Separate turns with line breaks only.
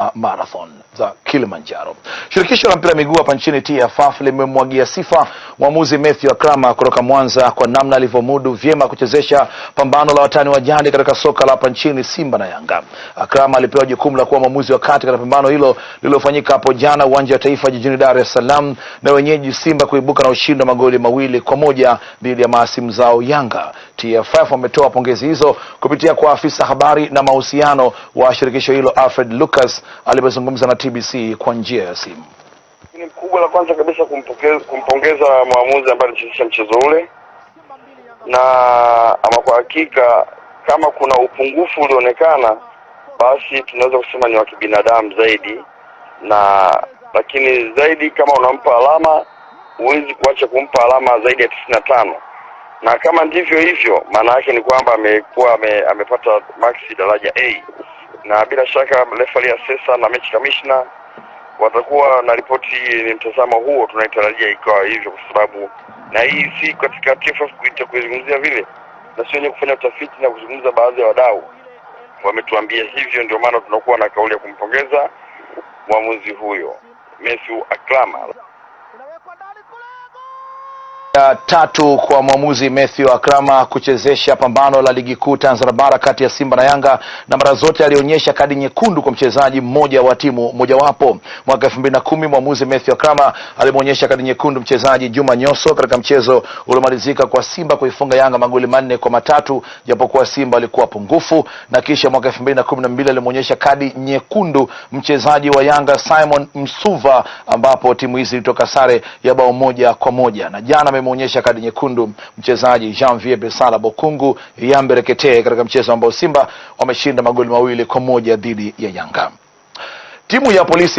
uh, marathon za Kilimanjaro. Shirikisho la mpira miguu hapa nchini TFF limemwagia sifa mwamuzi Matthew Akrama kutoka Mwanza kwa namna alivyomudu vyema kuchezesha pambano la watani wa jadi katika soka la hapa nchini Simba na Yanga. Akrama alipewa jukumu la kuwa mwamuzi wa kati katika pambano hilo lililofanyika hapo jana uwanja wa Taifa jijini Dar es Salaam na wenyeji Simba kuibuka na ushindi wa magoli mawili kwa moja dhidi ya maasimu zao Yanga. TFF wametoa pongezi hizo kupitia kwa afisa habari na mahusiano wa shirikisho hilo Alfred Lucas alipozungumza na TBC kwa njia ya simu.
Ni kubwa la kwanza kabisa kumpongeza mwamuzi ambaye alichezesha mchezo ule, na ama kwa hakika kama kuna upungufu ulionekana, basi tunaweza kusema ni wa kibinadamu zaidi, na lakini zaidi kama unampa alama huwezi kuacha kumpa alama zaidi ya tisini na tano na kama ndivyo hivyo, maana yake ni kwamba amekuwa ame, amepata maxi daraja A na bila shaka refa asesa na mechi kamishna watakuwa na ripoti ni mtazamo huo, tunaitarajia ikawa hivyo, kwa sababu na hii si katika TFF kuizungumzia vile, na si wenye kufanya utafiti na kuzungumza, baadhi ya wadau wametuambia hivyo, ndio maana tunakuwa na kauli ya kumpongeza mwamuzi huyo Matthew Aklama
ya tatu kwa mwamuzi Mathew Akrama kuchezesha pambano la ligi kuu Tanzania bara kati ya Simba na Yanga, na mara zote alionyesha kadi nyekundu kwa mchezaji mmoja wa timu mojawapo. Mwaka elfu mbili na kumi mwamuzi Matthew Akrama alimwonyesha kadi nyekundu mchezaji Juma Nyoso katika mchezo uliomalizika kwa Simba kuifunga Yanga magoli manne kwa matatu japokuwa Simba alikuwa pungufu, na kisha mwaka elfu mbili na kumi na mbili alimwonyesha kadi nyekundu mchezaji wa Yanga Simon Msuva ambapo timu hizi ilitoka sare ya bao moja kwa moja na jana amemwonyesha kadi nyekundu mchezaji Janvier Besala Bokungu yamberekete katika mchezo ambao Simba wameshinda magoli mawili kwa moja dhidi ya Yanga. Timu ya polisi